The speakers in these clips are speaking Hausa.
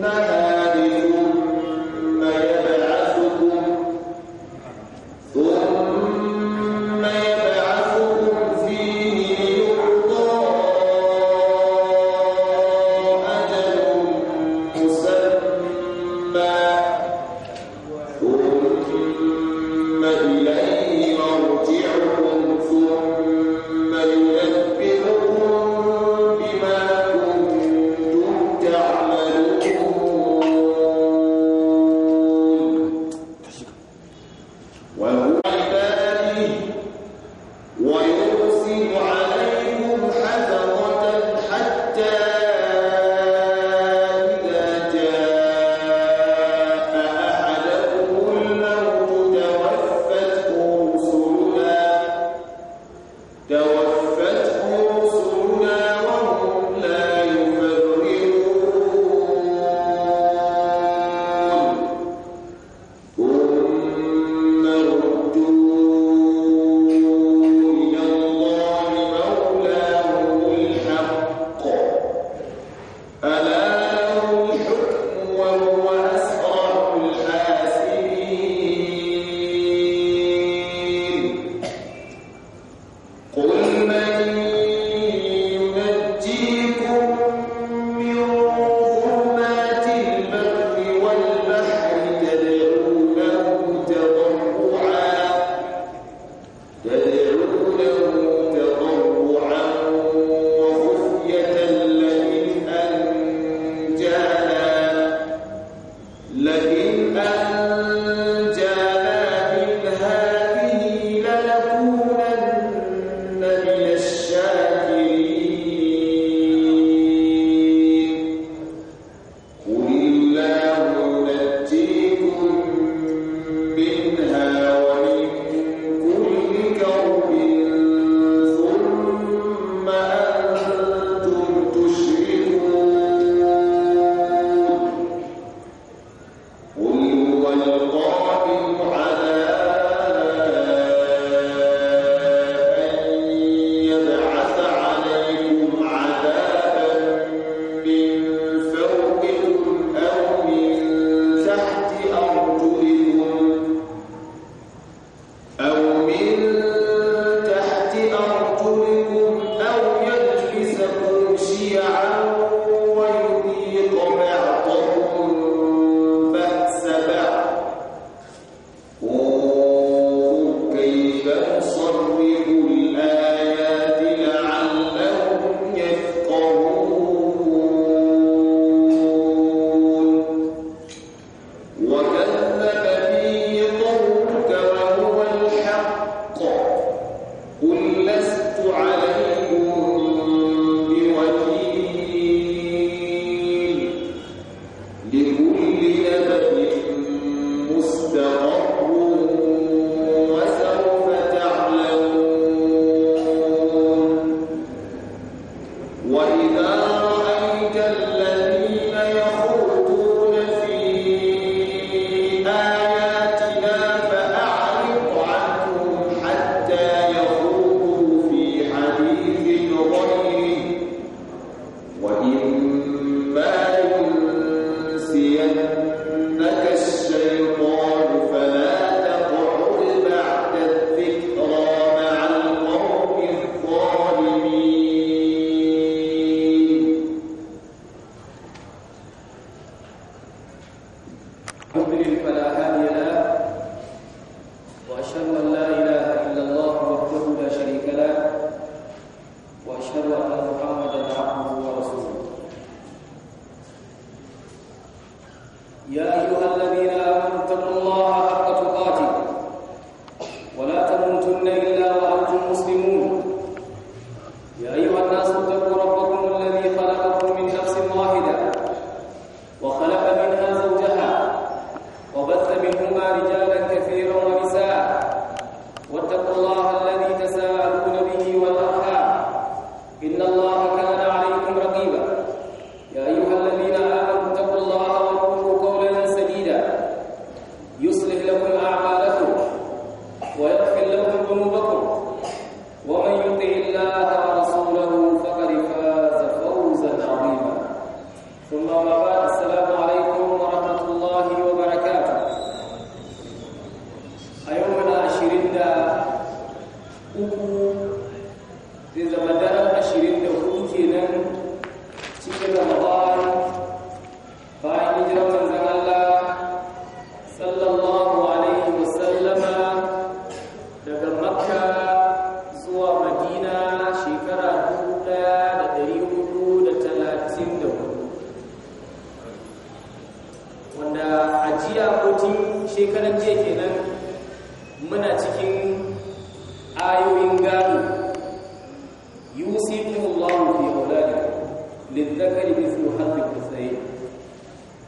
Good night.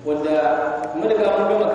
wanda mun riga mun gama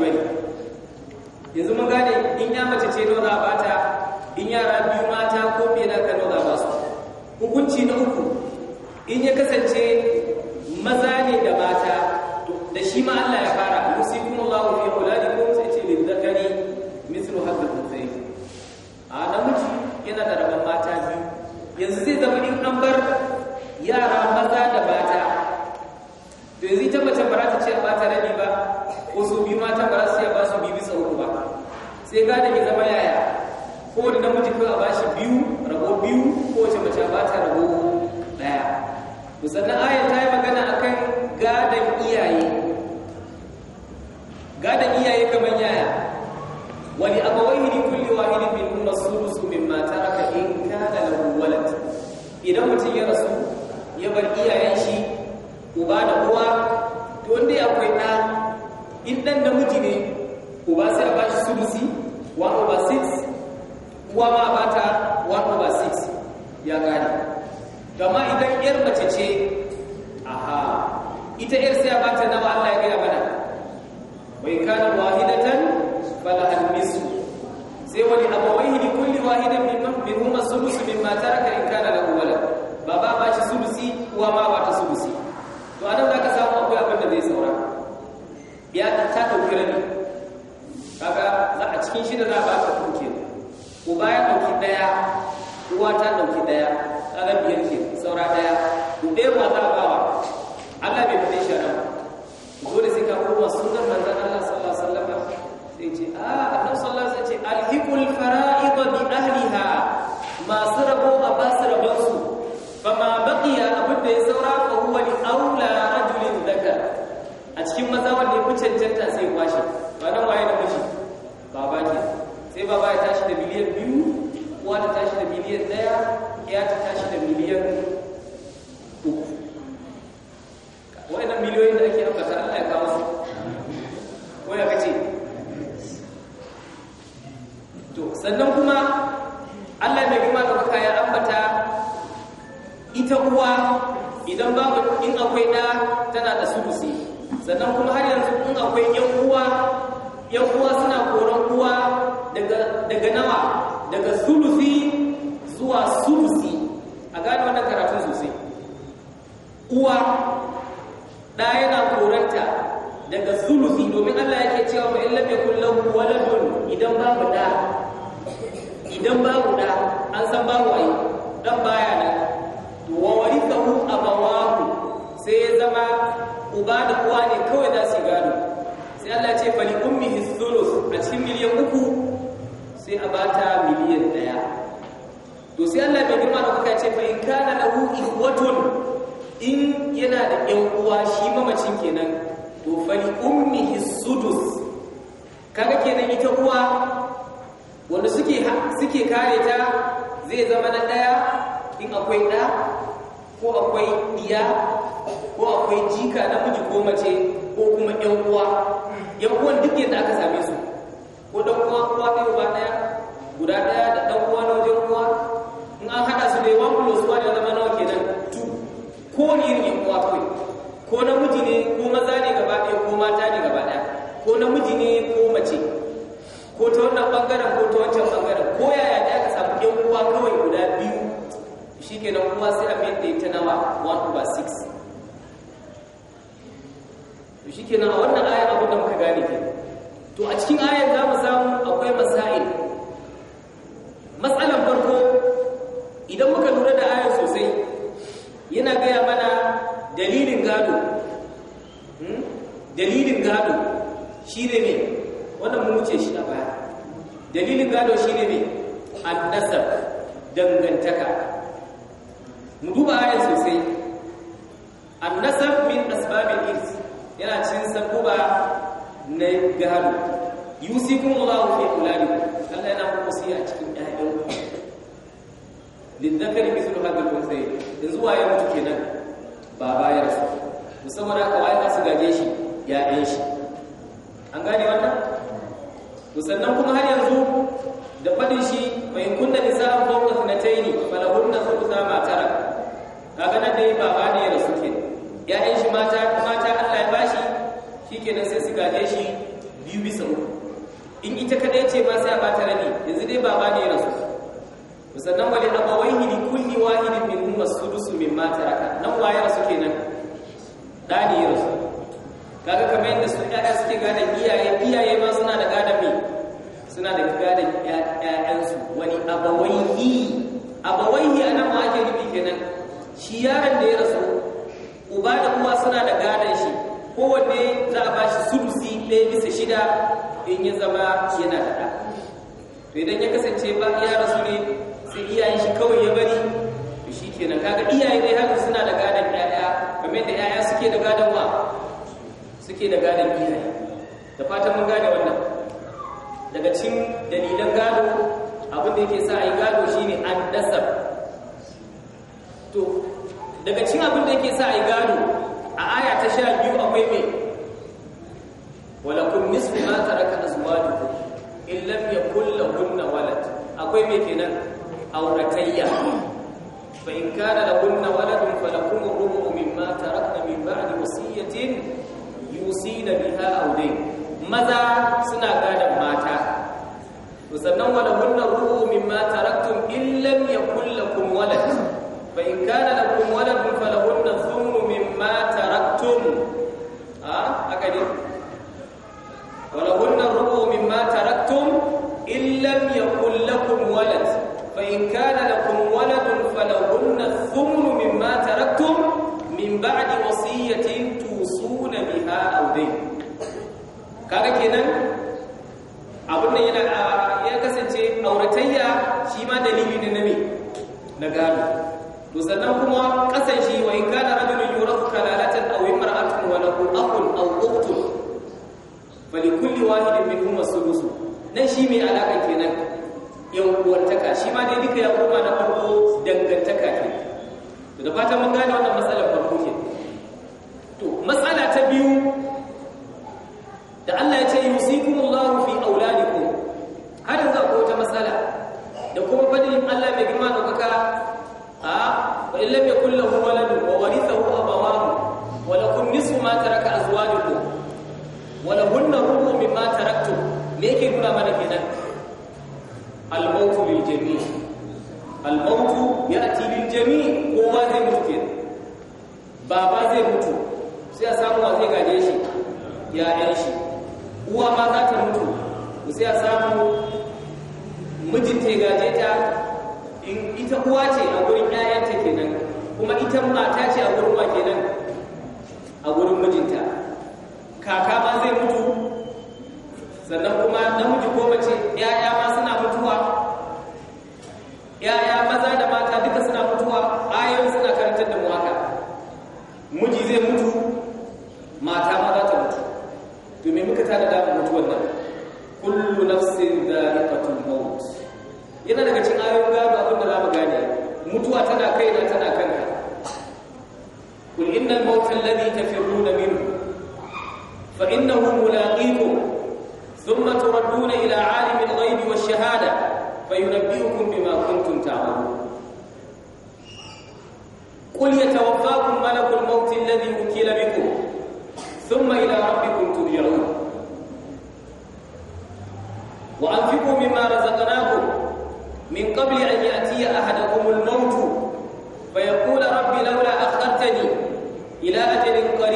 ce yanzu mun gane in ya mace ce nawa bata in yara biyu mata ko fiye da ka nawa za basu hukunci na uku in ya kasance sannan ayar ta yi magana akan gadon iyaye gadon iyaye kamar yaya wani abawaihi ni kulli wahidin min umma sulusu min mata aka in walad idan mutum ya rasu ya bar iyayen shi uba ada uwa to wanda akwai ɗa in da miji ne uba sai a bashi sulusi gama idan yar mace ce aha ita yar sai ba ta nawa Allah ya gaya mana wai kana wahidatan fala almisu sai wani abu wai ni kulli min man bi huma sulus ma taraka in kana lahu walad baba ba shi sulusi uwa ma ba ta sulusi to anan zaka samu akwai abin da zai saura ya ta dauki ne kaga za a cikin shida za ba ka dauke uba ya dauki daya uwa ta dauki daya kaga biyar guda daya ɗaya ma a bawa Allah bai fade shi nan dole sai ka koma sunnar manzon Allah sallallahu alaihi wasallam sai ce a ah, ta wannan bangaren ko ta wancan bangaren ko yaya da aka samu yan uwa kawai guda biyu shi ke nan kuma sai abin da ya ta nawa 1 over 6 shi ke nan a wannan ayar abin da muka gane ke to a cikin ayar za mu samu akwai masail gado shi ne annasab dangantaka mu duba ayin sosai annasab min asbabil irs yana cin sabuba na gado yusikum Allahu fi auladikum Allah yana muku a cikin ƴaƴan ku lidhakari da hadhihi al in yanzu waye mutu nan? baba ya rasu musamman aka waye ka su gaje shi ya ɗan shi an gane wannan Musamman kuma har yanzu da fadin shi mai kunna nisa'an fawqa thnataini falahunna thulutha ma tarak kaga nan dai baba ne ya rasu yayin shi mata mata Allah ya bashi shikenan sai su gaje shi biyu bisa uku in ita kadai ce ba sai a bata rabi yanzu dai baba ne ya rasu sannan ba abawaihi li kulli wahidin minhum dusu sudus mimma taraka nan waye rasu kenan dani rasu kaga kamar yadda su ɗaya suke gadan iyaye iyaye ma suna da gadon me suna da gadon ƴaƴansu wani abawaihi abawaihi nan ma ake nufi kenan shi yaron da ya rasu uba da kuma suna da gadon shi kowanne za a ba shi sulusi ɗaya bisa shida in ya zama yana da ɗa to idan ya kasance ba ya rasu ne sai iyayen shi kawai ya bari shi kenan kaga iyaye dai haka suna da gadon ƴaƴa kamar da ƴaƴa suke da gadon wa suke da gadon iyaye da fatan mun gane wannan daga cin dalilan gado abin da yake sa a yi gado shine an nasab to daga cin abin da yake sa a yi gado a aya ta sha biyu akwai mai walakun nisfi ma da azwajukum in ya kulla lahunna walat akwai mai kenan auratayya fa in kana lahunna waladun da rubu mimma tarakna min ba'di wasiyatin yusina biha aw dayn maza suna gada sannan wala hunna ru'u mimma taraktum in lam yakul lakum walad fa in kana lakum walad falahunna thumnu mimma taraktum ha haka ne wala hunna ru'u mimma taraktum in lam yakul lakum walad fa in kana lakum walad falahunna thumnu mimma taraktum min ba'di wasiyatin tusuna biha aw dayn kaga kenan abun nan yana auratayya shi ma dalili ne na na gado to sannan kuma kasan shi wa in kana rajulun yurathu kalalatan aw imra'atun wa lahu akhun aw ukhtun falikulli wahidin minhum as-sudus nan shi mai alaka kenan yan uwartaka shi ma dai duka ya koma na farko dangantaka ke to da fatan mun gane wannan matsalar farko ke to matsala ta biyu da Allah ya ce yusikumullahu fi auladikum har yanzu akwai wata matsala da kuma fadilin Allah mai girma da kuka a wa illa bi kullahu waladu wa warithahu abawahu wa lakum nisfu ma taraka azwajukum wa lahunna rubu mimma taraktum me yake nuna mana kenan al-mautu lil jami' al-mautu ya'ti lil jami' kowa zai mutu baba zai mutu sai a samu wa gaje shi ya'yan shi uwa ma za ta mutu sai a samu mijinta ya gaje ta in ita uwa ce a gurin ƴaƴanta kenan kuma ita mata ce a gurin wa kenan a gurin mijinta kaka ma zai mutu sannan kuma namiji ko mace ƴaƴa ma إن الموت الذي تفرون منه فإنه ملاقيكم ثم تردون إلى عالم الغيب والشهادة فينبئكم بما كنتم تعملون قل يتوفاكم ملك الموت الذي وكل بكم ثم إلى ربكم ترجعون وأنفقوا مما رزقناكم من قبل أن يأتي أحدكم الموت فيقول رب لولا أخرتني ila ajalin ba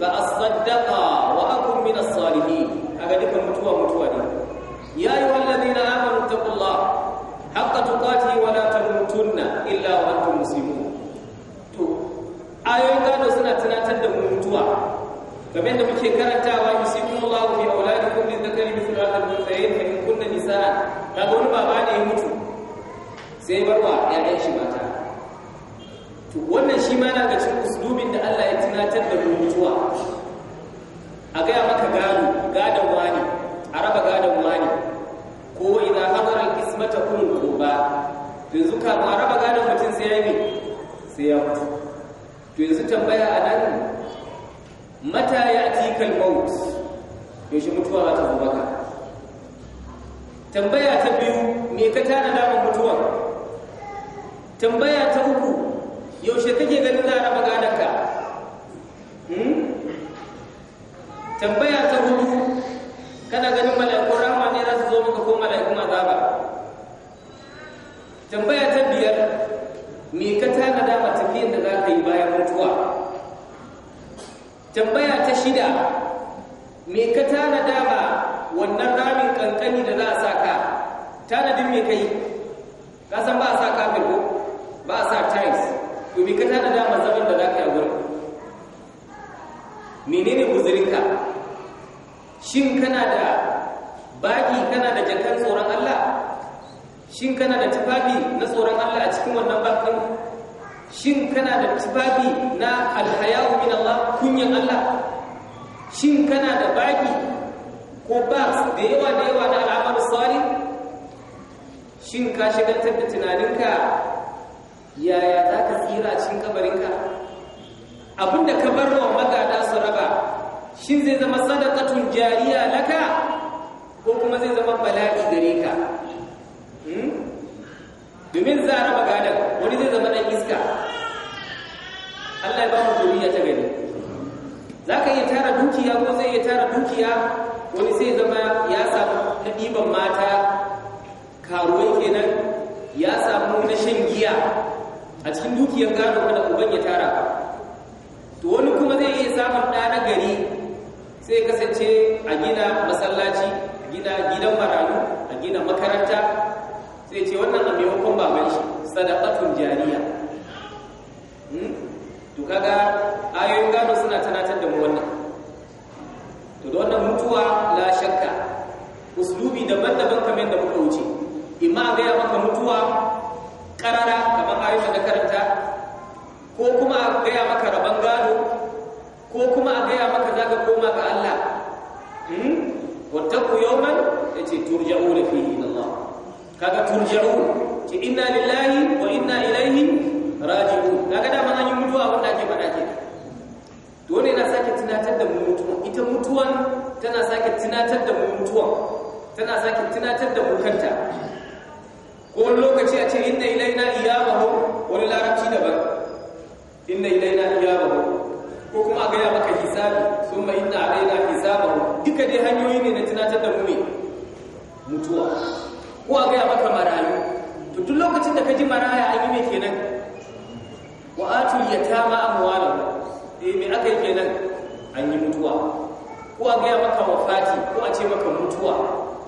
fa asaddaqa wa akun min as-salihin kaga dukan mutuwa mutuwa ne ya ayyuhalladhina amanu taqullaha haqqa tuqatihi wa la tamutunna illa wa antum muslimun to ayoyin gado suna tunatar da mutuwa kamar da muke karantawa yusikumullahu fi auladikum min dhakari mithlu al-unthayayn fa in kunna nisaan kaga wani ya mutu sai barwa ya'yan shi mata to wannan shi ma na ga cikin uslubin da Allah ya tunatar da mu mutuwa a gaya maka gado gadon wani a raba gadon wani ko na hadara ismata qismata kun quba to yanzu ka a raba gadon mutum sai ya yi sai ya mutu to yanzu tambaya a nan mata ci al-maut yaushe mutuwa za ta zo maka tambaya ta biyu me ka tana da mutuwa tambaya ta uku yaushe kake ganin za a raba gadonka hmm? tambaya ta hudu kana ganin mala'ikun rama ne za su zo maka ko mala'ikun ba tambaya ta biyar me ka tanada ma tafiyan da za ka yi bayan mutuwa tambaya ta shida me ka tanada ma wannan ramin kankani da za a sa ka tanadin me yi ka san ba a sa kafin ko ba a sa tiles domin ka tana da mazaban da za ka yi wurin menene guzurinka shin kana da baki kana da jakan tsoron Allah shin kana da tufafi na tsoron Allah a cikin wannan bakin shin kana da tufafi na alhayahu min Allah kunyan Allah shin kana da baki ko ba da yawa da yawa na al'amal salih shin ka shigantar da tunaninka yaya za ka tsira cikin kabarinka abinda ka bar wa magada su raba shin zai zama sadakatun jariya laka ko kuma zai zama bala'i gare ka hmm? domin za a raba gadon wani zai zama ɗan iska Allah ya ba mu duniya ta gani. za ka iya tara dukiya ko zai iya tara dukiya wani sai zama ya samu na ɗiban mata karuwa kenan ya samu na shan giya a cikin dukiyar gado wanda uban ya tara ba to wani kuma zai iya samun ɗa na gari sai kasance a gina masallaci a gina gidan marayu a gina makaranta sai ce wannan a maimakon baban shi sadaqatun jariya hmm? to kaga ayoyin gado suna tanatar da mu wannan to da wannan mutuwa la shakka uslubi daban-daban kamar da muka wuce imma ga ya maka mutuwa ƙarara kamar ayoyin da karanta ko kuma a gaya maka rabon gado ko kuma a gaya maka za ka koma ga Allah hmm? yau man ya ce turja'u da fihi Allah kaga turja'u ce inna lillahi wa inna ilaihi raji'u kaga da an mutuwa wanda ake faɗa ke dole na sake tunatar da mu mutuwa ita mutuwan tana sake tunatar da mu mutuwa tana sake tunatar da mu kanta ko wani lokaci a ce inna ilaina iyabahum wani larabci daban inna ilaina iyabahum ko kuma a gaya maka hisabi sun summa inna alaina hisabahum duka dai hanyoyi ne na tunatar da mu mutuwa ko a gaya maka marayu to duk lokacin da ka ji maraya an yi mai kenan wa atul yatama amwalahum eh me aka yi kenan an yi mutuwa ko a gaya maka wafati ko a ce maka mutuwa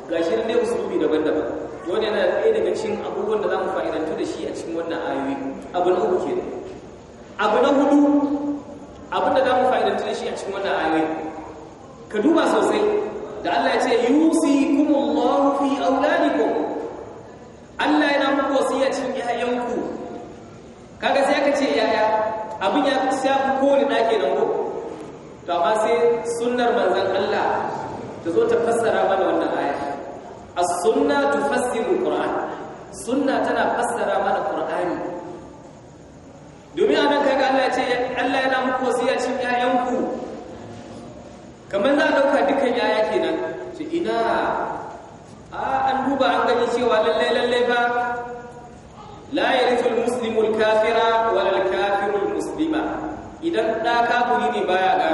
gashi ne usulubi daban-daban wani yana ɗaya daga cikin abubuwan da za mu fa'idantu da shi a cikin wannan ayoyi abu na uku ke abu na hudu abin da za mu fa'idantu da shi a cikin wannan ayoyi ka duba sosai da Allah ya ce yusikumullahu fi auladikum Allah yana muku wasiya cikin yayanku kaga sai aka ce yaya abin ya shafi kowane da nan ko to amma sai sunnar manzan Allah ta zo ta fassara mana as-sunna tufassiru qur'an sunna tana fassara mana qur'ani domin anan kaga Allah ya ce Allah yana muku wasiya cin ƴaƴanku kamar za a dauka dukan ƴaƴa kenan to ina a an duba an gani cewa lalle lalle ba la yarithu al-muslimu al-kafira wal kafiru al-muslima idan da kafiri ne baya ga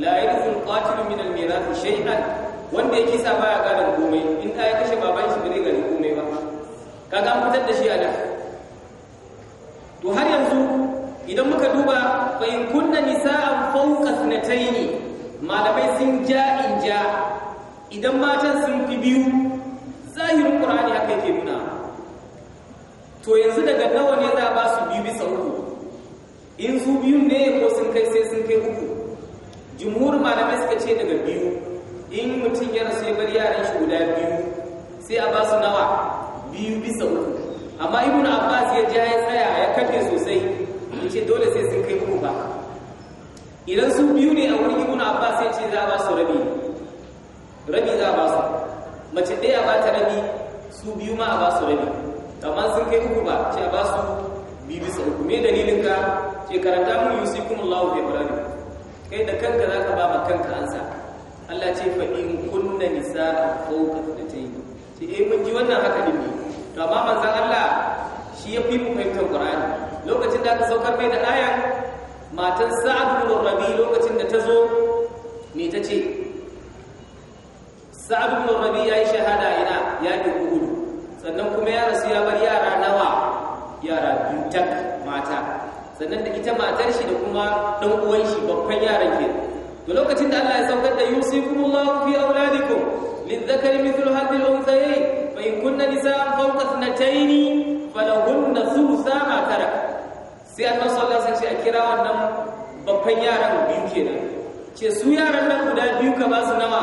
la yarithu al min almira mirath shay'an wanda yake sa baya gadan komai in ɗaya ya kashe baban shi bai gani komai ba kaga an fitar da shi a nan to har yanzu idan muka duba fa in kunna nisa'an fawqa ithnatayn malamai sun ja in ja idan matan sun fi biyu zahirin qur'ani haka yake nuna to yanzu daga nawa ne za ba su biyu bisa uku in su biyun ne ko sun kai sai sun kai uku jumhur malamai suka ce daga biyu in mutum ya rasu ya bar yaran shi guda biyu sai a ba su nawa biyu bisa uku amma ibn abbas ya ja ya tsaya ya kalle sosai ya ce dole sai sun kai uku ba idan su biyu ne a wurin ibn abbas ya ce za a ba su rabi rabi za a ba su mace ɗaya a ba ta rabi su biyu ma a ba su rabi amma sun kai uku ba ce a ba su biyu bisa uku me dalilin ka ce karanta mun yusikum Allahu fi ibrahim kai da kanka za ka ba ma kanka ansa Allah ce fa in kunna nisaa fawqa thnatayn ce eh mun ji wannan haka ne to amma manzon Allah shi ya fi mu fahimtar Qur'ani lokacin da aka saukar mai da ayan matan Sa'ad bin Rabi lokacin da ta zo me ta ce Sa'ad bin Rabi ya yi shahada ina ya yi kudu. sannan kuma ya rasu ya bar yara nawa yara biyu mata sannan da ita matar shi da kuma dan uwan shi babban yaran ke to lokacin da Allah ya saukar da yusifullahu fi auladikum lizakari mithl hadhihi al-unthayayn fa in kunna nisaa fawqa thnataini falahunna thulutha ma tarak sai Allah sallallahu alaihi wasallam ya kira wannan babban yaran biyu kenan ce su yaran nan guda biyu ka ba su nawa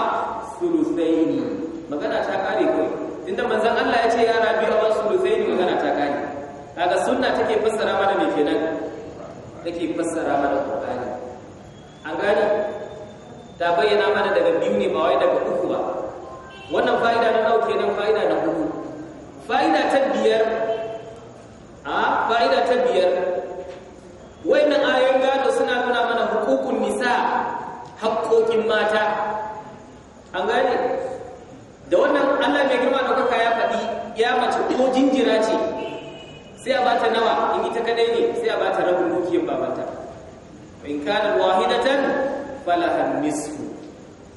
thuluthayn magana ta kare kai inda manzon Allah ya ce yara biyu a ba su thuluthayn magana ta kare kaga sunna take fassara mana me kenan take fassara mana Qur'ani an gani ta bayyana mana daga biyu ne ba wai daga uku ba wannan fa'ida na nauke nan fa'ida na uku fa'ida ta biyar a fa'ida ta biyar wayannan ayoyin gado suna nuna mana hukukun nisa haƙoƙin mata an gani da wannan Allah mai girma da kuka ya faɗi ya mace ko jinjira ce sai a bata nawa in ita kadai ne sai a bata rabin dukiyar babanta in kana wahidatan Fala nisfu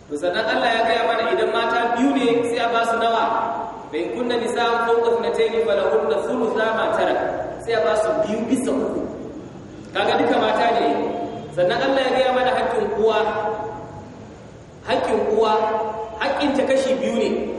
to sannan Allah ya gaya mana idan mata biyu ne sai a ba su nawa bai kunna nisa fawqa fala falahunna thulutha ma tara? sai a ba su biyu bisa uku kaga duka mata ne sannan Allah ya gaya mana haƙƙin uwa haƙƙin uwa haƙƙin ta kashi biyu ne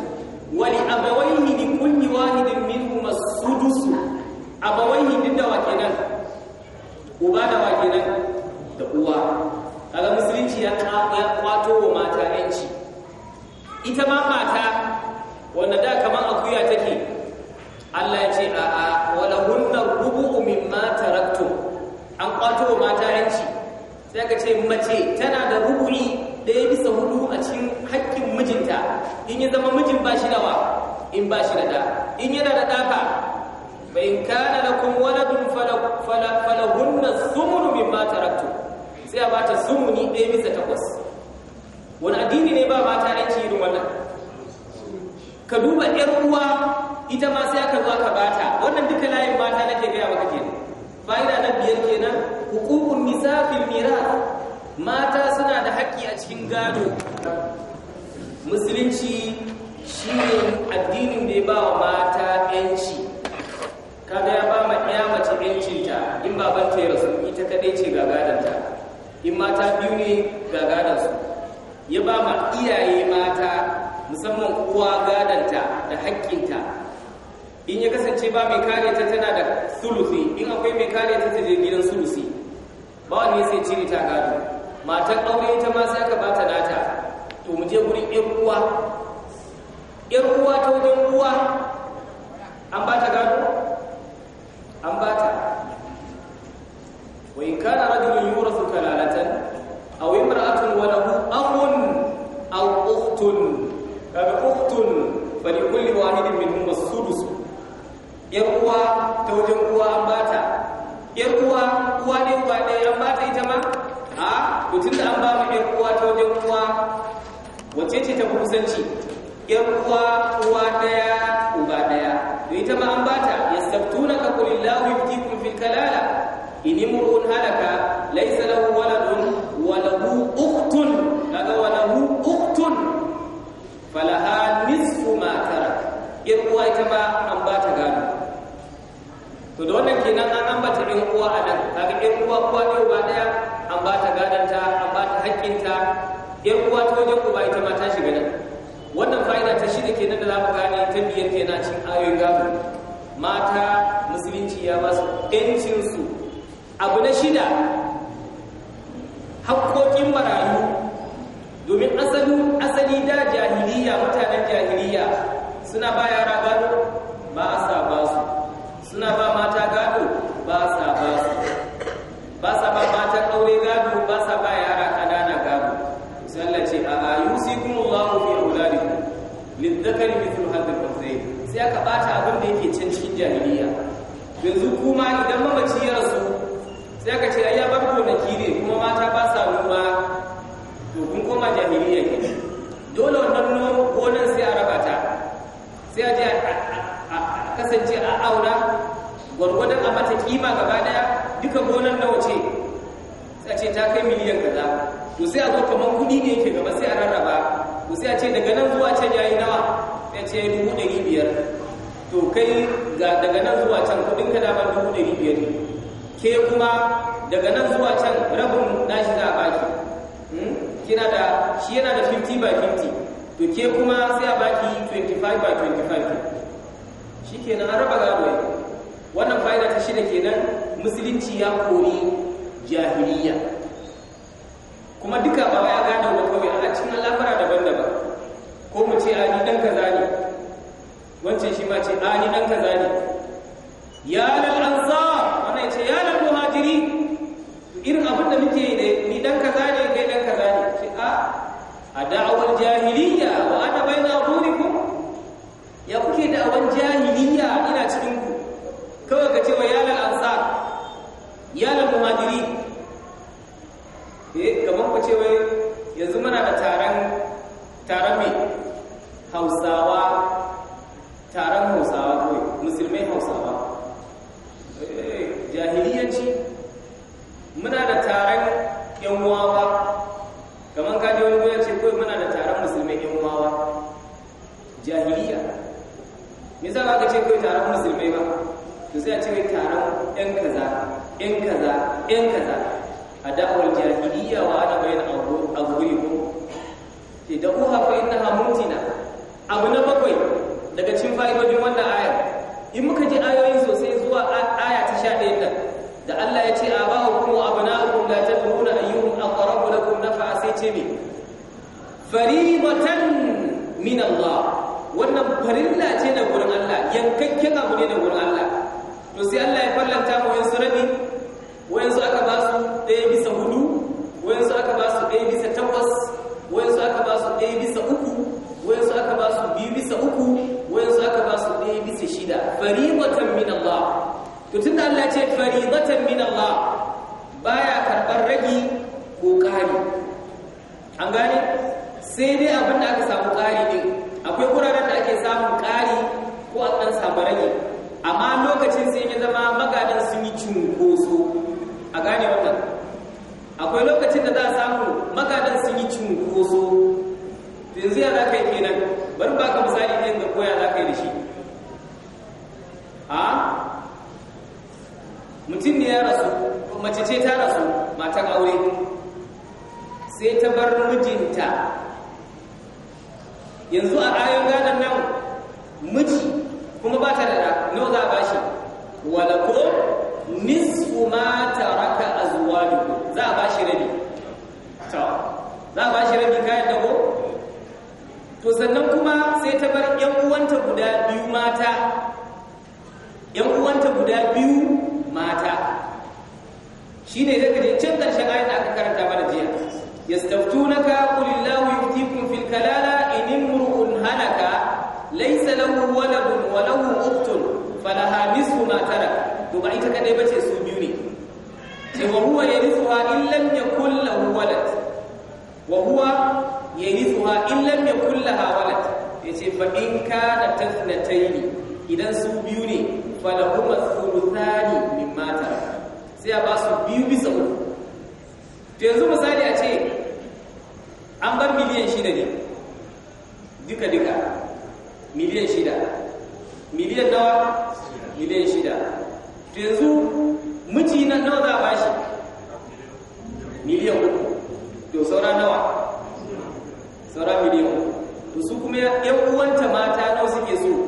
wali لكل واحد kulli السدس minhum as-sudus abawaihi duk da هذا nan يا da wake nan da musulunci ya kwato wa ita ma mata wanda da kaman akuya take Allah ya ce a a wala hunna rubu'u mimma taraktu an kwato wa mata yanci sai ka ce mace tana da rubu'i da ya bisa hudu a cikin mijinta in ya zama mijin ba shi dawa in ba shi da da in yana da daka? bai in kana da kun waladun falahunna thumnu mimma raktu sai a bata sumuni ɗaya bisa takwas wani addini ne ba mata ta ci irin wannan ka duba ƴar uwa ita ma sai aka zo ka bata wannan duka layin mata nake gaya maka kenan fa'ida na biyar kenan hukukun nisafin mira mata suna da haƙƙi a cikin gado musulunci shi ne addinin da ya ba wa mata 'yanci kaga ya ba ma ɗaya mace 'yancinta in baban ta ya rasu ita kaɗai ce ga gadonta in mata biyu ne ga gadonsu ya ba ma iyaye mata musamman uwa gadonta da haƙƙinta in ya kasance ba mai kare ta tana da sulusi in akwai mai kare ta ta je gidan sulusi ba wani sai cire ta gado matan aure ita ma sai aka bata nata to mu je gurin yan uwa yan uwa ta wajen uwa an ba ta gado an ba ta wa in kana rajulun yurasu kalalatan aw imra'atun wa lahu akhun aw ukhtun kaga ukhtun fa li kulli wahidin minhum as-sudus yan uwa ta wajen uwa an ba ta yan uwa uwa ne uwa ne an ba ta ita ma a to tunda an ba mu yan uwa ta wajen uwa wace ce ta kusanci yan uwa uwa daya uba daya to ita ma an bata yastaftuna ka qulillahu yuftikum fil kalala in imrun halaka laysa lahu waladun wa lahu ukhtun kaga wa lahu ukhtun falaha nisfu ma tarak yan uwa ita ma an bata gado to da wannan kenan an ambata yan uwa a nan kaga yan uwa uwa daya uba daya an bata gadanta an bata hakkinta yar uwa ta wajen ba ita ma ta shiga nan wannan fa'ida ta ke nan da za mu gane ta biyar kenan cikin ayoyin gado mata musulunci ya ba su ƴancin su abu na shida haƙƙoƙin marayu domin asali da jahiliya mutanen jahiliya suna ba yara gado ba a sa ba su suna ba mata jahiliya yanzu kuma idan mamaci ya rasu sai ka ce ya bar gonaki ne kuma mata ba sa noma to kun koma jahiliya ke dole wannan gonan sai a raba ta sai a je a kasance a aura gwargwadon a mata kima gaba daya duka gonan na wace sai a ce ta kai miliyan kaza to sai a zo kamar kudi ne yake gaba sai a rarraba to sai a ce daga nan zuwa can yayi nawa sai ce dubu ɗari biyar to kai daga nan zuwa can kudin ka dama dubu ɗari biyar ke kuma daga nan zuwa can rabin nashi za a baki hmm? kina da shi yana da 50 by 50 to ke kuma sai a baki 25 by 25 shi kenan an raba gado ya wannan fa'ida ta shida kenan musulunci ya kori jahiliya kuma duka ba ya gane ba kawai a cikin al'amura daban-daban ko mu ce a yi dan kaza ne wancan shi ma ce a ni dan kaza ne ya lal ansar wannan ce ya lal muhajiri irin abin da muke yi ni dan kaza ne kai dan kaza ne ce a a da'awar jahiliya wa ana baina ku. ya kuke da'awan jahiliya ina cikin ku kawai ka ce wa ya lal ansar ya lal muhajiri eh kamar ku ce wai yanzu muna da taron taron mai Hausawa taron hausawa kawai musulmai hausawa eh, jahiliyanci muna da taron yan wawa kamar kaji wani goya ce kawai muna da taron musulmai yan wawa jahiliya me za ka ce kawai taron musulmai ba to sai a ce kai taron yan kaza yan kaza yan kaza a da'awar jahiliya wa ana bayan abu ko ke da uha fa na hamuntina abu na bakwai daga cikin fa'idodin wannan ayar in muka ji ayoyin sosai zuwa aya ta 11 nan da Allah ya ce aba'ukum wa abna'ukum la tadruna ayyuhum aqrabu lakum naf'a sai ce me faribatan min Allah wannan farilla ce da gurin Allah yankakken abu ne da gurin Allah to sai Allah ya farlanta mu yanzu rabi wayansu aka ba su ɗaya bisa hudu wayansu aka ba su ɗaya bisa takwas wayansu aka ba su ɗaya bisa uku wayansu aka ba su biyu bisa uku wayansu aka ba su ɗaya bisa shida faribatan min Allah to da Allah ce faribatan min Allah ya karɓar ragi ko ƙari an gane sai dai abin da aka samu ƙari ne akwai wuraren da ake samun ƙari ko a ɗan samu ragi amma lokacin sai ya zama magadan sun yi cunkoso a gane wannan akwai lokacin da za a samu magadan sun yi cunkoso yanzu yana za kenan bari ba ka misali ɗin da koya za ka yi da shi a mutum ne ya rasu mace ce ta rasu matan aure sai ta bar mijinta yanzu a ayon ganar nan miji kuma ba ta da ɗa nawa za a ba shi ko nisfu ma taraka duku za a ba shi rabi ta za a ba shi rabi kayan dago to sannan kuma sai ta bar yan uwanta guda biyu mata yan uwanta guda biyu mata shine daga je can karshen ayat da aka karanta mana jiya yastaftunaka qulillahu yuftikum fil kalala in imru'un halaka laysa lahu waladun wa lahu ukhtun falaha nisfu ma taraka to ba ita kadai bace su biyu ne wa huwa yarithuha in lam yakul lahu walad wa huwa yarithuha in lam yakul laha walad yace fa in kana tathnatayn idan su biyu ne falahuma thuluthani mimma taraka sai a ba su biyu bisa uku to yanzu misali a ce an bar miliyan shida ne duka duka miliyan shida miliyan nawa miliyan shida to yanzu miji na nawa za a bashi miliyan uku to saura nawa saura miliyan to su kuma yan uwanta mata nawa suke so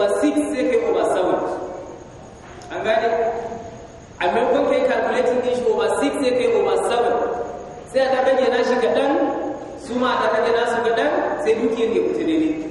over 6 sai kai over 7 an gane a maimakon kai calculating din shi over 6 sai kai over 7 sai a ɗan rage shi kaɗan su ma a ɗan rage su kaɗan sai dukiyar ya fita daidai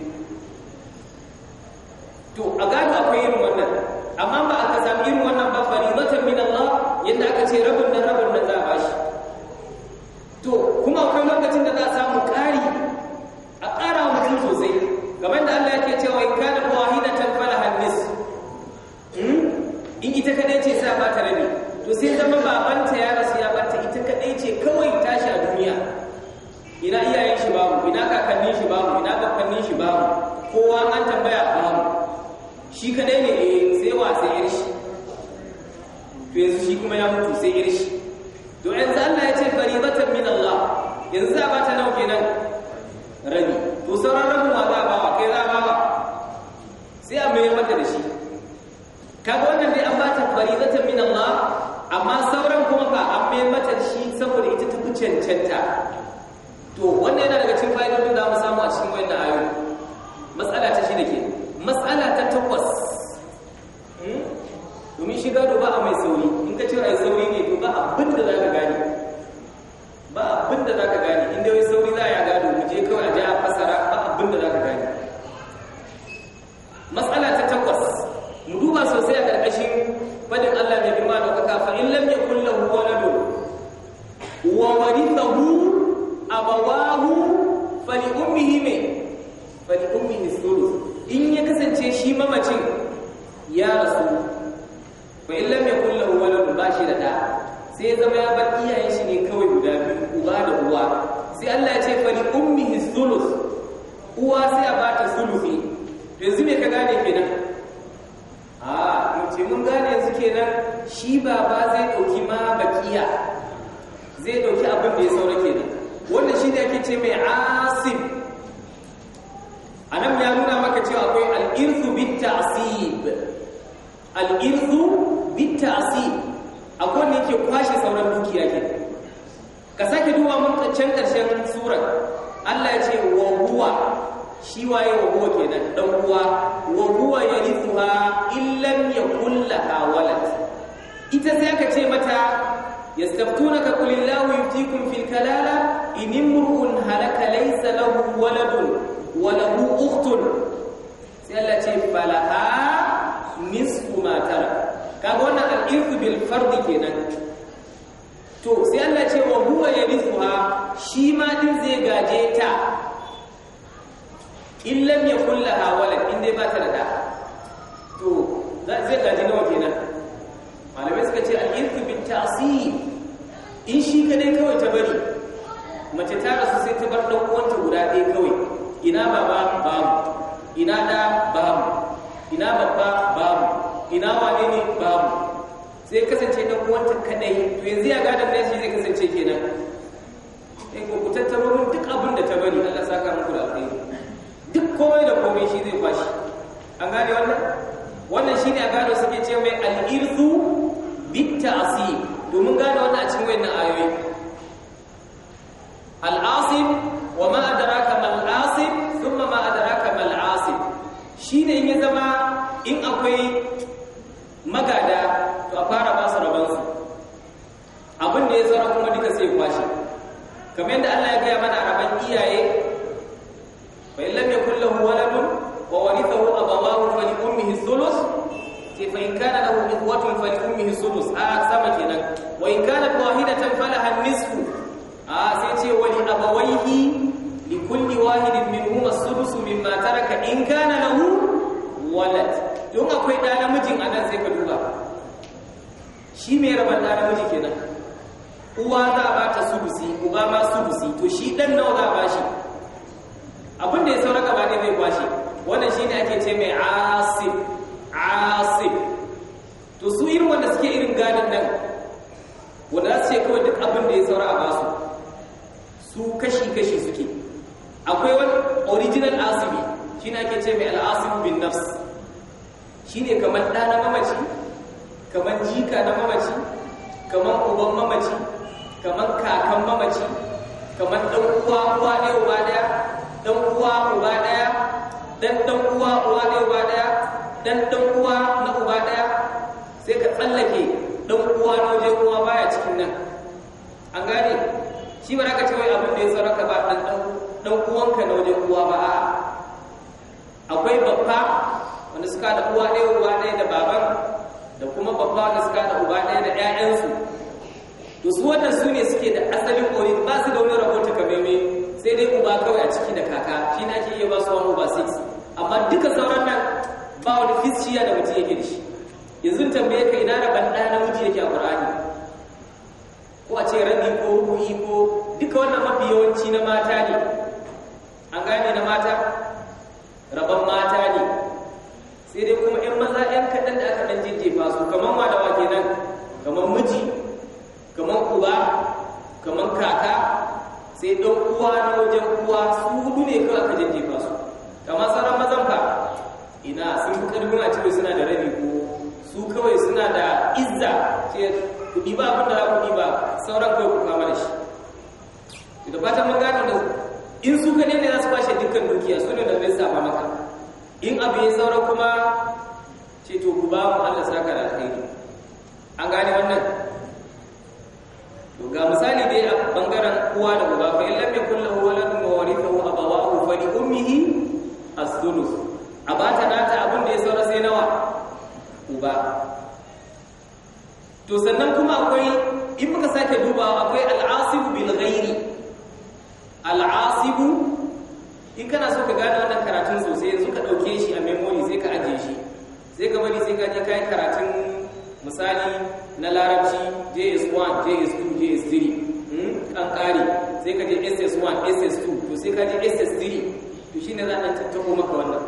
sai zama ya bar iyayen shi ne kawai guda biyu uba da uwa sai Allah ya ce fa li ummihi thuluth uwa sai a bata thuluthi to yanzu me ka gane kenan a mun ce mun gane yanzu kenan shi baba zai dauki ma bakiya zai dauki abin da ya saura kenan wannan shi ne ake ce mai asim anan ya nuna maka cewa akwai al-irthu bit-ta'sib al bit-ta'sib akwai wanda yake kwashe sauran dukiya ke ka sake duba mun can karshen surar Allah ya ce wa huwa shi waye wa huwa kenan dan uwa wa huwa yarithuha illam yakul laha walat ita sai aka ce mata yastaftunaka qul illahu yuftikum fil kalala murhun imrun halaka laisa lahu waladun wa lahu sai Allah ce falaha nisfu ma kaga wannan al bil fardi kenan to sai Allah ce wa huwa yarithuha shi ma din zai gaje ta in lam yakul laha walad in dai ba ta da to zai gaje nawa kenan malamai suka ce al bil ta'sir in shi kadai kawai ta bari mace ta rasu sai ta bar dan uwanta guda ɗaya kawai ina baba babu ina da babu ina babba babu ina wane ne babu sai kasance dan uwanta kadai to yanzu ya gadon ne shi zai kasance kenan sai eh, ko ku tattaro mun duk abin da ta bari Allah saka muku da alheri duk komai da komai shi zai kwashi an gane wannan wannan shine a gado suke ce mai al-irthu bit ta'sib domin gane wannan a cikin wannan ayoyi al wa ma adraka mal asib thumma ma adraka shi ne ya zama in akwai magada to a fara ba su rabansu abin da ya zara kuma duka sai kwashe kamar yadda Allah ya gaya mana rabon iyaye fa lamya yakul lahu waladun wa warithahu abawahu fa li ummihi thuluth fa in kana lahu ikhwatun fa li ummihi thuluth a sama kenan wa in kanat wahidatan falaha nisfu a sai ce wa li abawayhi likulli wahidin minhuma sudusu mimma taraka in kana lahu walad don akwai ɗa namijin a nan sai ka duba shi mai rabar ɗa namiji kenan uwa za a bata sudusi uba ma sudusi to shi ɗan nawa za a shi? abin da ya saura gaba ne zai kwashe wannan shine ake ce mai asib asib to su irin wanda suke irin gadon nan wanda za su ce kawai duk abin da ya saura a basu su kashi-kashi suke akwai wani original asibi shi na ke ce mai al'asim bin nafs shi ne kamar ɗa na mamaci kamar jika na mamaci kamar uban mamaci kamar kakan mamaci kamar ɗan uwa uwa ɗaya uba ɗaya ɗan uwa uba ɗaya ɗan ɗan uwa uwa ɗaya uba ɗaya ɗan ɗan uwa na uba ɗaya sai ka tsallake ɗan uwa na wajen uwa baya cikin nan an gane shi ba ka ce wai abin da ya sauraka ba ɗan ɗan uwanka na wajen uwa ba akwai babba wanda suka da uwa ɗaya uwa ɗaya da baban da kuma babba wanda suka da uba ɗaya da ƴaƴansu to su wannan su ne suke da asalin kori ba su da wani rahoto kameme sai dai uba kawai a ciki da kaka shi na ke iya ba su wani uba six amma duka sauran nan ba wani fisciya da mutum yake da shi yanzu tambaye ka ina da ban ɗaya namiji yake a ƙur'ani ko a ce rabi ko rubu'i ko duka wannan mafi yawanci na mata ne an gane na mata rabon mata ne sai dai kuma 'yan maza 'yan kaɗan da aka ɗan jejjefa su kamar ma da wake nan, kamar miji kamar uba kamar kaka sai ɗan uwa na wajen uwa su hudu ne kawai aka jejjefa su kamar tsaron mazan fa ina sun fi ƙarfin a cikin suna da rabi ko su kawai suna da izza ce ku ɗiba abin da za ku ɗiba sauran kai ku kama da shi da fatan magana da in su ka nene za su kwashe dukkan dukiya su ne da bai ba maka in abu ya sauran kuma ce to ku ba mu Allah saka da alheri an gane wannan ga misali dai a bangaren uwa da uba fa illam yakul lahu waladun wa warithahu abawahu fa li ummihi as-thuluth ta nata abin da ya saura sai nawa uba to sannan kuma akwai in muka sake duba akwai al'asibu bil ghairi al'asibu in kana so ka gane wannan karatun sosai yanzu ka dauke shi a memory sai ka aje shi sai ka bari sai ka je kai karatun misali na larabci JS1 JS2 JS3 hmm kan kare sai ka je SS1 SS2 to sai ka je SS3 to shine za a tattako maka wannan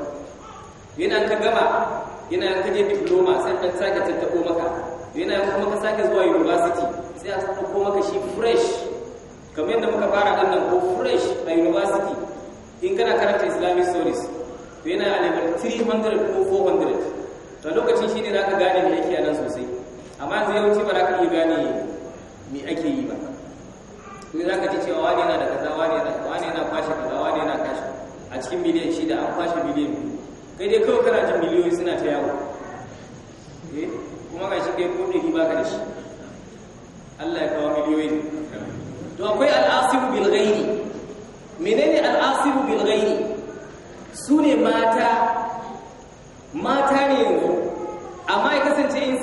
yana ka gama yana ka je diploma sai ka sake tattako maka yana yi kuma ka sake zuwa university sai a ko maka shi fresh kamar yadda muka fara ɗan nan ko fresh a university in kana karanta islamic studies to yana a level 300 ko 400 to lokacin shi ne za ka gane me ake a nan sosai amma yanzu yawanci ba za ka iya gane me ake yi ba to za ka ji cewa wani yana da kaza wani yana wani yana kwashe kaza wani yana kashe a cikin miliyan shida an kwashe miliyan biyu kai dai kawai kana jin miliyoyi suna ta yawo kai kudin shi baka da shi Allah ya kawo miliyoyi to akwai al'asiru bil ghairi menene al'asiru bil ghairi Sune mata mata ne yanzu amma ya kasance in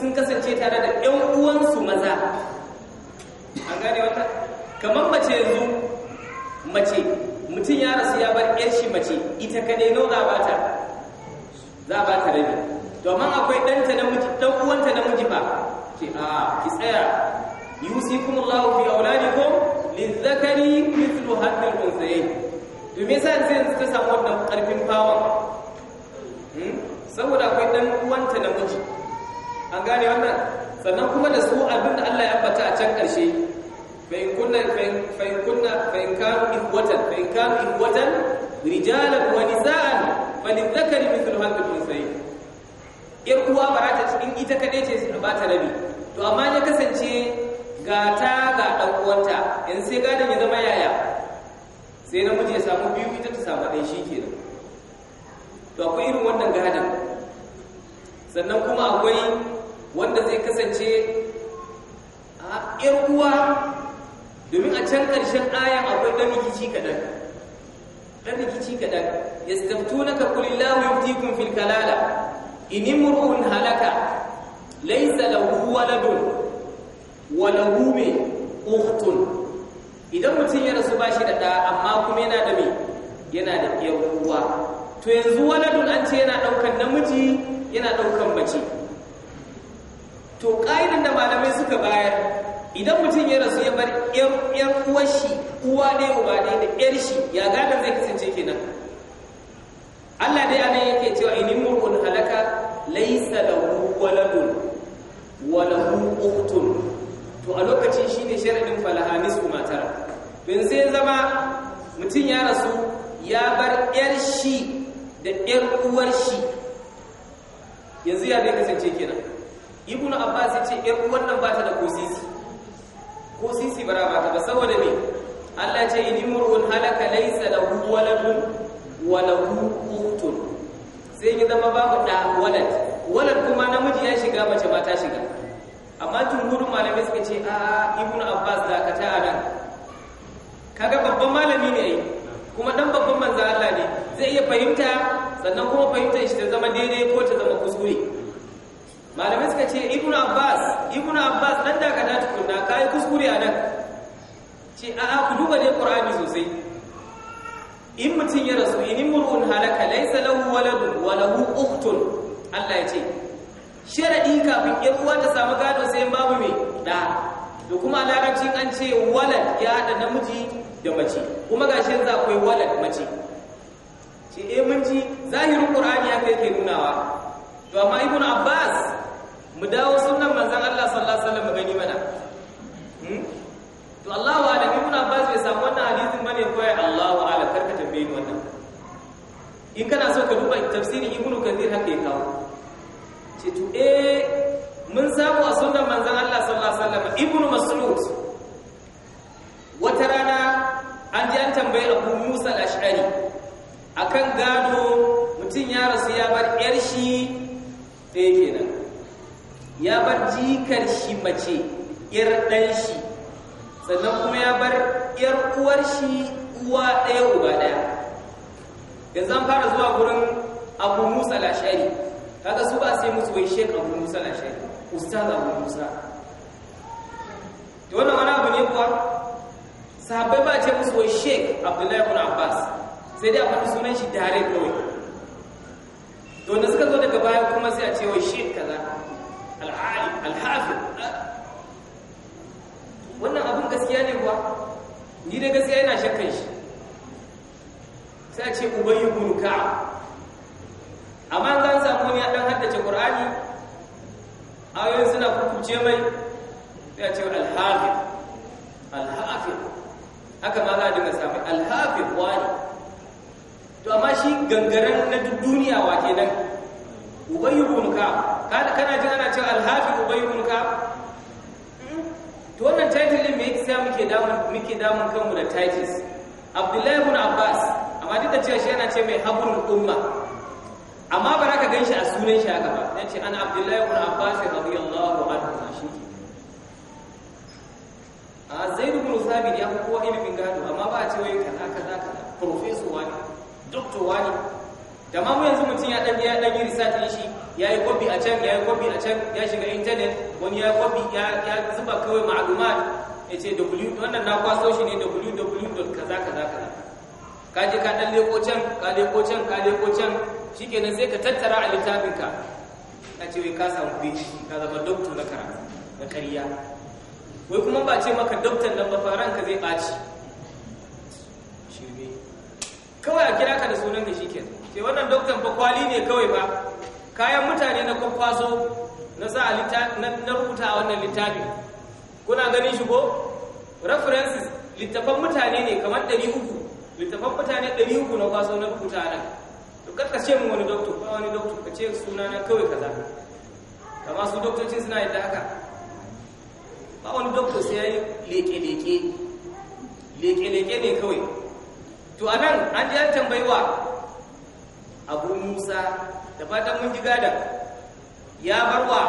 sun kasance tare da ƴan uwansu maza an gane wata kamar mace yanzu mace mutum ya rasu ya bar ƴar shi mace ita kadai nau za ba ta za ba ta rabi domin akwai ɗanta namiji ɗan uwanta namiji ba ce a ki tsaya kuma Allah fi ko lizzakari mithlu hadhi al-unsayayn to me yasa sai ta samu wannan karfin fawon hmm? saboda akwai ɗan uwanta namiji an gane wannan sannan kuma da su abin da Allah ya fata a can ƙarshe fa in kunna fa in kunna fa in kanu ihwatan fa in kanu ihwatan rijalan wa nisaan falizzakari mithlu hadhi al-unsayayn yar uwa ba ta in ita kaɗai ce ba ta rabi to amma ya kasance ga ta ga ɗan uwanta in sai gadon ya zama yaya sai namiji ya samu biyu ita ta samu ɗai shi to akwai irin wannan gadon sannan kuma akwai wanda zai kasance a yar uwa domin a can ƙarshen ayan akwai ɗan rikici kaɗan ɗan rikici kaɗan ya staftu na kakulillahu yuftikum fil kalala in imru'un halaka laysa lahu waladun wa lahu ukhtun idan mutum ya rasu bashi da da amma kuma yana da me yana da ƴan uwa to yanzu waladun an ce yana ɗaukan namiji yana ɗaukan mace to ƙa'idan da malamai suka bayar idan mutum ya rasu ya bar 'yan uwa shi uwa ne uba ɗaya da 'yar shi ya ga to a lokacin shine sharadin falahamis kuma bin sai zama mutum ya rasu ya bar yar shi da yar uwar shi yanzu ya bai kasance kenan ibnu abbas ya ce yar uwar nan ba ta da kosisi kosisi bara ba ta ba saboda me Allah ce in murun halaka laysa lahu waladun wa lahu sai ya zama babu da walad walad kuma namiji ya shiga mace ba ta shiga amma jumhurin malamai suka ce a ibnu abbas dakata a nan kaga babban malami ne ai kuma dan babban manzo Allah ne zai iya fahimta sannan kuma fahimtar shi ta zama daidai ko ta zama kuskure malamai suka ce ibnu abbas ibn abbas dan dakata tukunna kai kuskure a nan ce a'a ku duba dai qur'ani sosai in mutum ya rasu in mur'un halaka laysa lahu waladun wa lahu ukhtun Allah ya ce sharaɗi kafin ya uwa ta samu gado sai babu mai da, da kuma larabci an ce walad ya haɗa namiji da mace kuma gashi ku yi walad mace ce ɗaya eh, mun ji zahirin qur'ani ya kai ke nunawa to amma ibnu abbas mu dawo sunnan manzon Allah sallallahu alaihi wasallam gani mana hmm? to Allahu alim ibnu abbas bai samu wannan hadisin bane koyi Allahu alim karka tambaye ni wannan in kana so ka duba tafsirin ibnu kathir haka ya kawo ce to eh mun samu a sunan manzan Allah sallallahu alaihi wasallam ibnu mas'ud wata rana an ji an tambayi abu musa al-ash'ari akan gado mutum ya rasu ya bar yar shi ɗaya kenan ya bar jikar shi mace yar dan shi sannan kuma ya bar yar uwar shi uwa ɗaya uba ɗaya yanzu an fara zuwa gurin abu musa al-ash'ari kaga su ba sai musu wai shek abu musa na shek ustaz abu musa da wannan wani abu ne kuwa sahabbai ba ce musu wai shek abdullahi ibn abbas sai dai a faɗi sunan shi dare kawai to wanda suka zo daga baya kuma sai a ce wai shek kaza al alhafi wannan abun gaskiya ne kuwa ni da gaskiya yana shakkan shi sai a ce ubayyu ibn ka'ab amma zan samu ne a ɗan haddace ƙur'ani yau suna kurkuce mai ya ce alhafin alhafin haka ma za a dinga sami alhafin wani to amma shi gangaren na duniya wa nan ubayi bunka kana jin ana cewa alhafi ubayi bunka to wannan title din mai yake sa muke damun muke damun kanmu da titles abdullahi ibn abbas amma duk da cewa shi yana ce mai habrul umma amma ba ka gan shi a sunan shi haka ba ya ce ana abdullahi ibn abbas radiyallahu anhu shi ke a zaid ibn sabit ya kowa ilimin gado amma ba a ce wai kaza kaza kaza professor wani doctor wani da ma yanzu mutum ya dan ya dan yi research din shi yayi copy a can yayi copy a can ya shiga internet wani ya copy ya ya zuba kawai ma'lumat ce w wannan na kwaso shi ne www.kaza kaza kaza kaza kaje ka dan leko can ka leko can ka leko can shikenan sai ka tattara a littafinka ka ce wai ka samu bici ka zama doktor na karatu na ƙarya wai kuma ba ce maka doktor nan ba faran ka zai ɓaci shirme kawai a kira ka da sunan ka shiken. ce wannan doktor ba kwali ne kawai ba kayan mutane na kwakwaso na sa na rubuta a wannan littafin kuna ganin shi ko references littafan mutane ne kamar 300 littafan mutane 300 na kwaso na rubuta nan karka ce mu wani doktor ba wani doktor ka ce suna na kawai kaza kama su doktocin suna yadda haka ba wani doktor sai ya yi leke leƙe leke-leke ne kawai to a nan an ji an wa abu musa da fatan mun ji gadon ya wa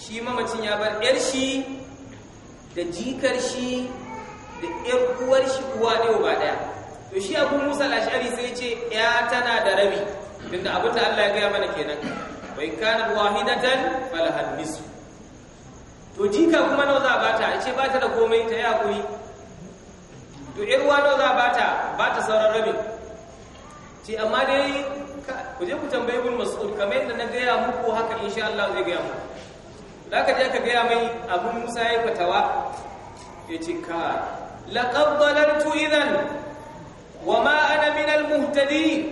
shi mamacin ya bar yar shi da jikar shi da yar uwar shi uwa ɗaya ba ɗaya to shi abu musa al-ashari sai ce ya tana da rabi tunda abu ta Allah ya gaya mana kenan wa in kana wahidatan falaha nisu to jika kuma nawa za bata ce bata da komai ta ya kuri to ir wano za bata bata sauran rabi ce amma dai ku je ku tambayi ibn mas'ud kamar yadda na gaya muku haka insha Allah zai gaya muku zaka je ka gaya mai abun musa ya fatawa ya ce ka laqad dalaltu idan وما أنا من المهتدين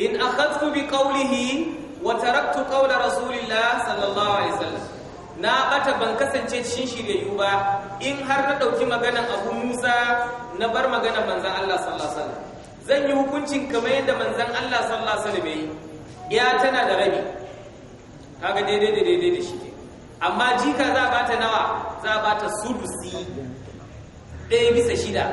إن أخذت بقوله وتركت قول رسول الله صلى الله عليه وسلم na bata ban kasance cikin shiryayyu ba in har na ɗauki magana abu musa na bar magana manzan Allah sallallahu alaihi zan yi hukuncin kamar yadda manzan Allah sallallahu alaihi ya tana da rabi kaga daidai da daidai da shi amma jika za ba ta nawa za ba ta sudusi ɗaya bisa shida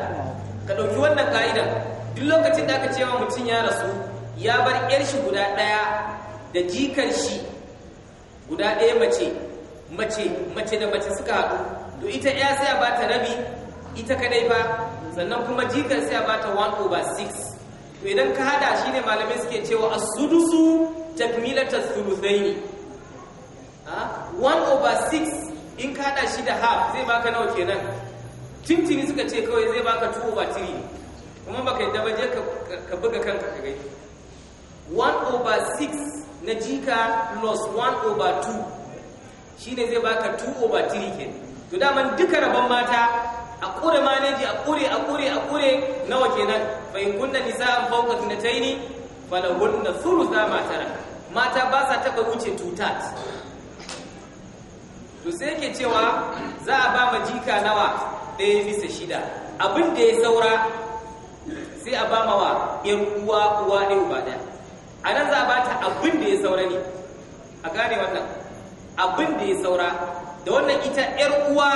ka ɗauki wannan ka'idan duk lokacin da aka ce wa mutum ya rasu ya bar yar shi guda ɗaya da jikar shi guda ɗaya mace mace mace da mace suka haɗu to ita ya sai a bata rabi ita kadai ba sannan kuma jikar sai a bata 1 over 6 to idan ka hada shi ne malamai suke cewa as-sudusu takmilatas thuluthaini 1 ah, over 6 in ka hada shi da half zai baka nawa kenan tintini suka ce kawai zai baka 2 over 3 kuma baka yadda ba je ka buga kanka ka gai 1 over 6 na jika plus 1 over 2 shine zai baka 2 over 3 kenan to daman duka rabon mata a kure maneji a kure a kure a kure nawa kenan bai kunna nisa'an fawqa thnataini falahunna thulutha ma tara mata ba sa taba wuce tutat to sai ke cewa za a ba ma jika nawa ɗaya bisa shida abin da ya saura sai a bama wa ‘yan uwa uwa ɗaya uba ɗaya a nan za a ba ta abin da ya saura ne a gane wannan abin da ya saura da wannan ita ‘yar uwa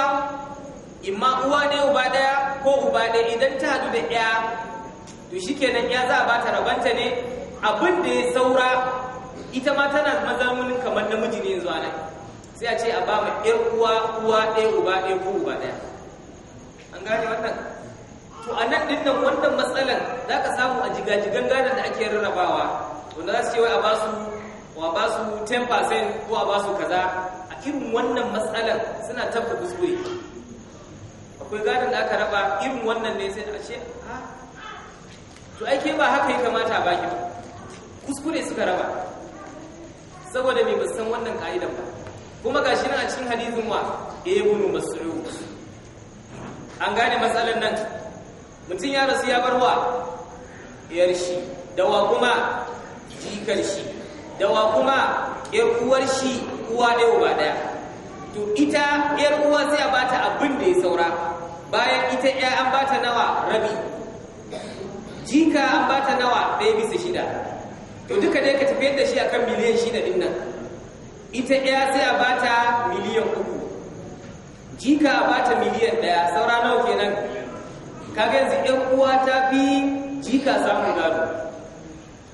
imma uwa ɗaya uba ɗaya ko uba ɗaya idan ta haɗu da ɗaya, to shi kenan ‘ya za a ba ta rabanta ne abin da ya saura ita ma tana mazamunin kamar namiji ne yanzu a nan sai a ce a ba ma ‘yar uwa uwa ɗaya uba ɗaya ko uba ɗaya an gane wannan to a nan din nan wannan matsalan za ka samu a jigajigan gadon da ake rarrabawa wanda za su ce wai a basu wa ba su 10% ko a ba su kaza a irin wannan matsalan suna tabba kuskure akwai gadon da aka raba irin wannan ne sai a ce ha ah. to aike ba haka ya kamata ba ki kuskure suka raba saboda mai san wannan ka'idan ba kuma gashi nan a cikin hadisin wa ibnu mas'ud an gane matsalan nan mutum ya rasu ya barwa yar shi dawa kuma jikar shi dawa kuma yar uwar shi uwa ɗaya uba ɗaya to ita yar uwa zai ba bata abin da ya saura bayan ita ya an bata nawa rabi jika an bata nawa ɗaya bisa shida to duka dai ka tafiyar da shi akan miliyan shida ɗin nan ita ya sai a bata miliyan uku jika a bata miliyan ɗaya saura nawa kenan kaga yanzu ɗan uwa ta fi jika samun gado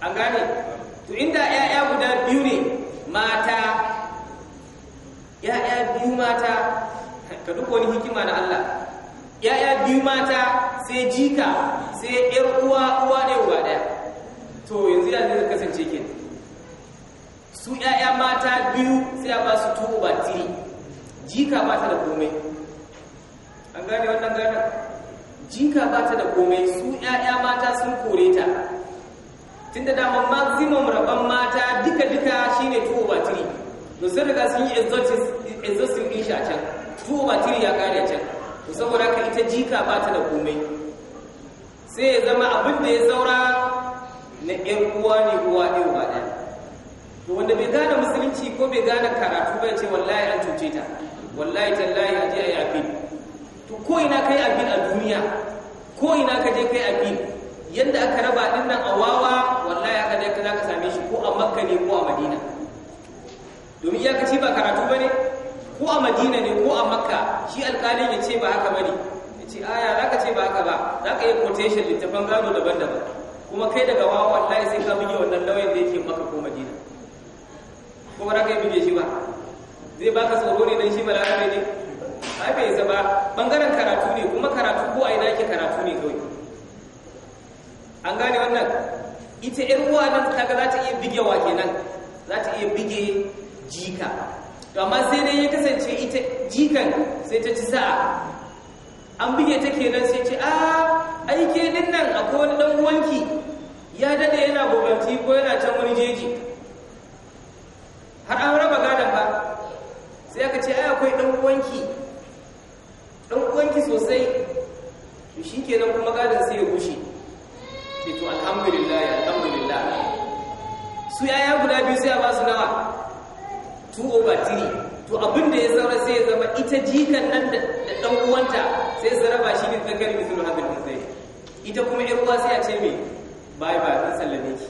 an gane to inda ya'ya guda biyu ne mata ya'ya biyu mata ka duk wani hikima na Allah ya'ya biyu mata sai jika sai yar uwa uwa ɗaya uwa ɗaya to yanzu ya zai kasance ke su ya'ya mata biyu sai a ba su tuɓo ba tiri jika ba ta da komai an gane wannan gane jika ba ta da komai su ‘ya'ya mata sun kore ta tun da damar maximum rabon mata duka-duka shi ne 2 over 3 da sun riga sun yi exhaustive ɗin a can 2 over 3 ya ƙare can to saboda ka ita jika ba ta da komai sai ya zama abin da ya saura na ‘yan uwa ne uwa ɗin ba ɗaya wanda bai gane musulunci ko bai gane karatu bai ce wallahi an cuce ta wallahi tallahi a to ko ina kai abin a duniya ko ina ka je kai abin yadda aka raba din nan a wawa wallahi aka je ka zaka same shi ko a makka ne ko a madina domin ya ka ce ba karatu bane ko a madina ne ko a makka shi alƙalin ya ce ba haka bane ya ce aya zaka ce ba haka ba zaka yi quotation littafin gado daban-daban kuma kai daga wawa wallahi sai ka buge wannan lauyan da yake makka ko madina ko ba za ka yi buge shi ba zai baka tsoro ne dan shi malaka ne ai bai bangaren karatu ne kuma karatu ko a ke karatu ne kawai an gane wannan ita 'yan uwa nan kaga za ta iya bige wa kenan za ta iya bige jika to amma sai dai ya kasance ita jikan sai ta ci sa'a an bige ta kenan sai ce a ah, aike din nan akwai wani dan wanki ya dade yana gobanci ko yana can wani jeji har an raba gadon ba sai aka ce ai akwai dan wanki Ɗan uwanki sosai to nan kuma gadon sai ya gushe Ke to alhamdulillah ya alhamdulillah su yaya guda biyu sai a ba su nawa 2 over 3 to abin da ya zama sai ya zama ita jikan nan da ɗan uwanta sai su raba shi ne mai zuru haɗin zai ita kuma yar uwa sai a ce me bai ba ta sallame ki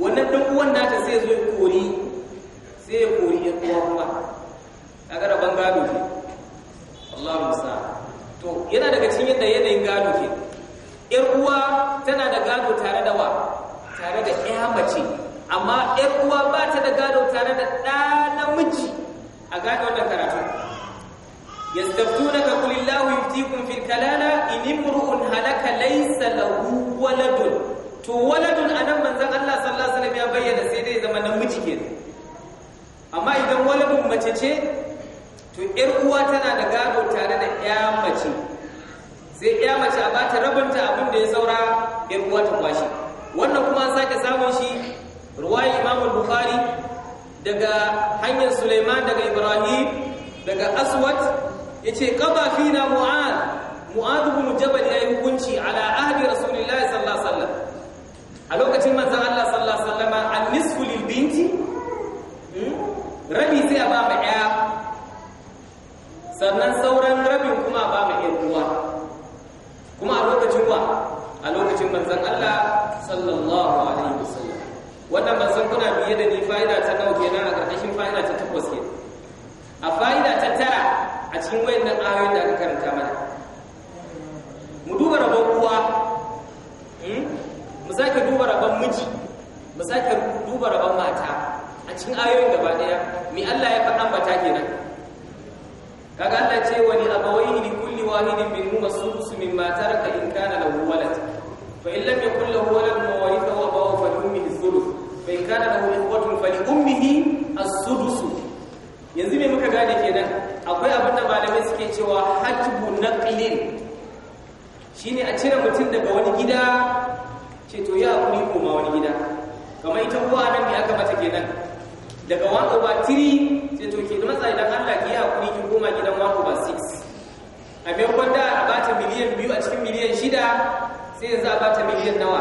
wannan ɗan uwan nata sai ya zo ya kori sai ya kori ya uwa kuma kaga da bangado ne Allahu sa. to yana daga cin yadda yanayin gado ke yar uwa tana da gado tare da wa tare da ƴa mace amma yar uwa ba ta da gado tare da ɗa namiji a gado wannan karatu yastaftunaka qulillahu yuftikum fil kalala in imru'un halaka laisa lahu waladun to waladun a nan manzan Allah sallallahu alaihi wasallam ya bayyana sai dai zama namiji kenan amma idan waladun mace ce to ‘yar uwa tana da gado tare da ‘ya mace sai ‘ya mace a bata rabinta abin da ya saura ‘yar uwa ta kwashe wannan kuma sake samun shi ruwayi imamul bukhari daga hanyar suleiman daga ibrahim daga Aswat. ya ce kaba fi na mu'ad mu'ad bin jabal ya yi hukunci ala ahdi rasulillahi sallallahu alaihi wasallam a lokacin manzon Allah sallallahu alaihi wasallam an nisfu lil binti hmm? rabi sai a ba sannan sauran rabin kuma ba mu iya ruwa kuma a lokacin wa a lokacin manzan Allah sallallahu alaihi wasallam wannan ban san kuna biye da ni fa'ida ta nawa kenan a ƙarƙashin fa'ida ta takwas kenan a fa'ida ta tara a cikin wayannan ayoyin da aka karanta mana mu duba rabon uwa hmm? mu sake duba rabon miji mu sake duba rabon mata a cikin ayoyin gaba daya me Allah ya faɗa mata kenan kaga Allah ce wani abawaihi li kulli wahidin minhuma min mimma taraka in kana lahu walad fa in lam yakul lahu walad wa warithahu abawahu falumihi thuluth fa in kana lahu fa li ummihi as-sudus yanzu me muka gane kenan akwai abin da malamai suke cewa hajbu naqlin shine a cire mutum daga wani gida ce to ya kuri koma wani gida kamar ita uwa nan ne aka mata kenan daga one over 3 sai to ke matsayi idan Allah ki hakuri ki koma gidan one over 6 a maimakon da a bata miliyan biyu a cikin miliyan shida sai yanzu a bata miliyan nawa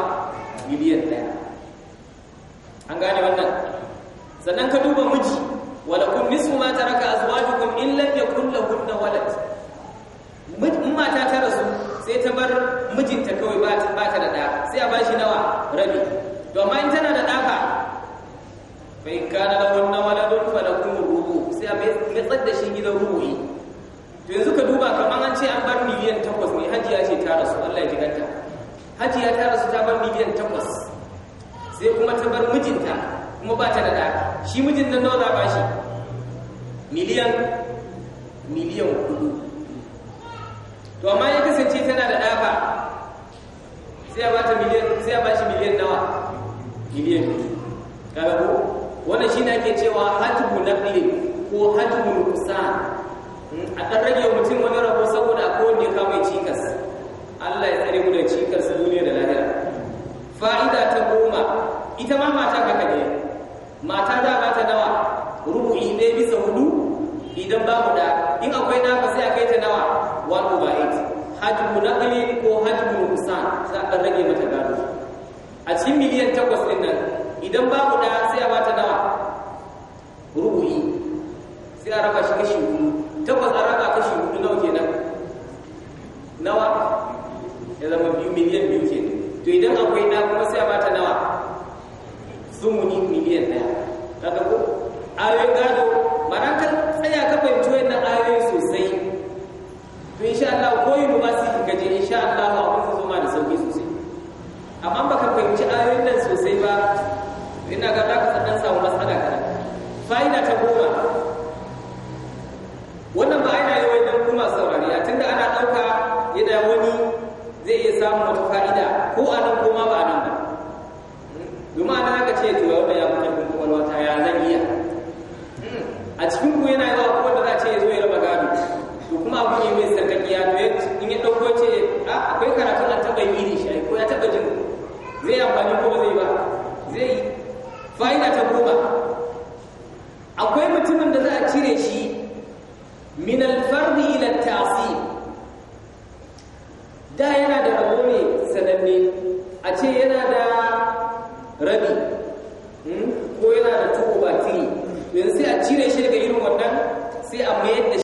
miliyan daya an gane wannan sannan ka duba miji wala kun nisfu ma taraka azwajukum in lam yakul lahu walad mata ta rasu sai ta bar mijinta kawai ba ta da da sai a bashi nawa rabi domin tana da daka. bai kana da wannan waladun fa lakum rubu sai a matsar da shi gidan rubu'i to yanzu ka duba kamar an ce an bar miliyan 8 ne hajiya ce ta rasu Allah ya ji ganta hajiya ta rasu ta bar miliyan takwas. sai kuma ta bar mijinta kuma ba ta da da shi mijin nan nawa za ba shi miliyan miliyan 4 to amma ya kasance tana da ɗafa sai a ba ta miliyan sai a ba shi miliyan nawa miliyan 2 kaga ko wannan shi ne ake cewa hatibu naqli ko hatibu kusa hmm, a ɗan rage mutum wani rabo saboda ko ne ya cikas Allah ya tsare mu da cikas duniya da lahira fa'ida ta goma ita ma mata haka ne mata za ba ta nawa rubu'i ɗaya bisa hudu idan ba mu da in akwai naka sai a kai ta nawa 1 over 8 hajjibu naqli ko hajjibu kusa za a rage mata gado a cikin miliyan takwas ɗin nan idan babu da sai a bata nawa rubu'i sai a raba shi kashi hudu takwas a raba kashi hudu nawa kenan nawa ya zama biyu miliyan biyu kenan to idan akwai na kuma sai a bata nawa sumuni miliyan daya ta ko ayoyin gado ma'ana ka tsaya ka fahimci wannan ayoyin sosai to insha Allah ko yi ba su kaje insha Allah abin su zo ma da sauki sosai amma baka fahimci wannan ba yana yawan wajen kuma saurari a tunda ana ɗauka yana wani zai iya samun wata fa'ida ko a nan ko ma ba nan